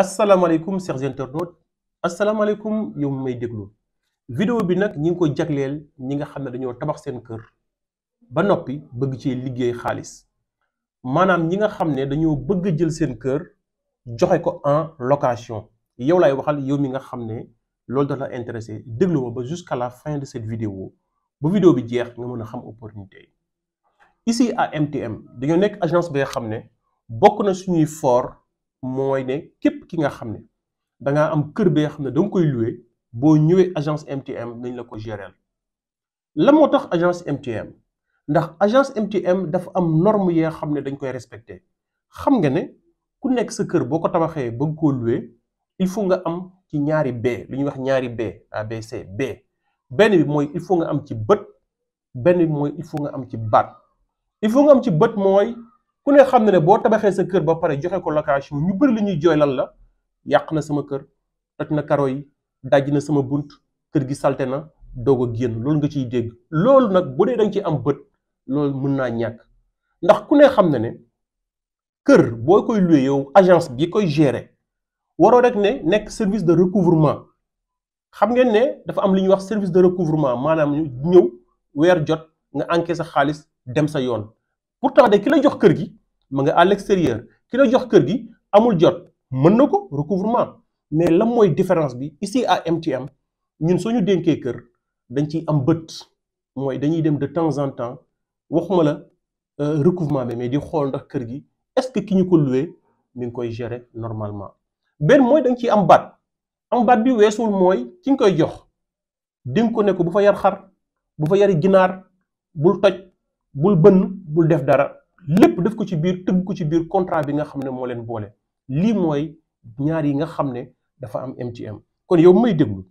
asalaamaaleykum chers internautes asalaamaaleykum yow may déglu video bi nag ñi ngi ko jagleel ñi nga xam ne dañoo tabax seen kër ba noppi bëgg ci liggéey xaalis maanaam ñi nga xam ne dañoo bëgg jël seen kër joxe ko en location yow laay waxal yow mi nga xam ne loolu dafa la intéressé déglu ma ba jusqu'à la fin de cette vidéo ba video bi jeex nga mën a xam opportunité yi ici à MTM dañoo nekk agence bi xam ne bokk na suñuy fort mooy ne képp ki nga xam ne da ngaa am kër bee xam ne da koy loué boo ñëwee agence MTM nañ la ko gérer la moo tax agence MTM ndax agence MTM dafa am norme yee xam ne dañ koy respecté xam nga ne ku nekk sa kër boo ko tabaxee bëgg koo loué il faut nga am ci ñaari B lu ñuy wax ñaari B ABC B benn bi mooy il faut nga am ci bët benn bi nga am ci baat il faut nga am ci bët mooy. ku ne xam na ne boo tabaxee sa kër ba pare joxe ko location ñu bëri li ñuy jooy lan la yàq na sama kër toj na karo yi daj na sama bunt kër gi salte na doog a génn loolu nga ciy dégg loolu nag bu dee da nga am bët loolu mën naa ñàkk ndax ku ne xam na ne kër boo koy luwee yow agence bi koy gérer waroo rek ne nekk service de recouvrement xam ngeen ne dafa am li ñuy wax service de recouvrement maanaam ñu ñëw weer jot nga encaissé sa xaalis dem sa yoon pour pourtant de ki la jox kër gi ma nga à l'extérieur ki la jox kër gi amul jot mën na ko recouvrement mais lan mooy différence bi ici à MTM ñun soo ñu dénkee kër dañ ciy am bët mooy dañuy dem de temps en temps waxuma la euh, recouvrement bi mais di xool ndax kër gi est-ce que ki ñu ko loué mi ngi koy gérer normalement benn mooy dañ ciy am baat am baat bi weesul mooy ki nga koy jox dénk ko ne ko bu fa yar xar bu fa yari ginaar bul toj bul bënn bul def dara lépp def ko ci biir tëgg ko ci biir contrat bi nga xam ne moo leen boole lii mooy ñaar yi nga xam ne dafa am MTM kon yow may déglu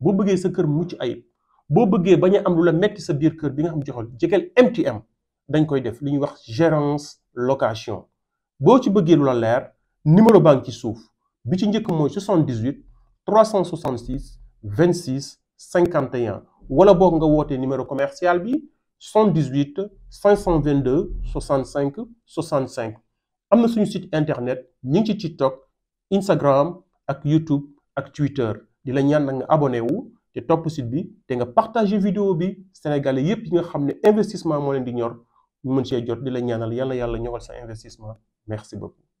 boo bëggee sa kër mucc ayib boo bëggee bañ a am lu la metti sa biir kër bi nga xam joxal jegeel MTM dañ koy def li ñuy wax gérance location boo ci bëggee lu la leer numéro baa ngi ci suuf bi ci njëkk mooy vingt 366 cinquante 51 wala boog nga wootee numéro commercial bi dix deux 78 522 65 cinq am na suñu site internet ñu ngi ci TikTok Instagram ak YouTube ak Twitter di la ñaan nag nga abonné wu te topp site bi te nga partagé vidéo bi Sénégalais yépp yi nga xam ne investissement moo leen di ñor ñu mën see jot di la ñaanal yàlla yàlla ñoral sa investissement merci beaucoup.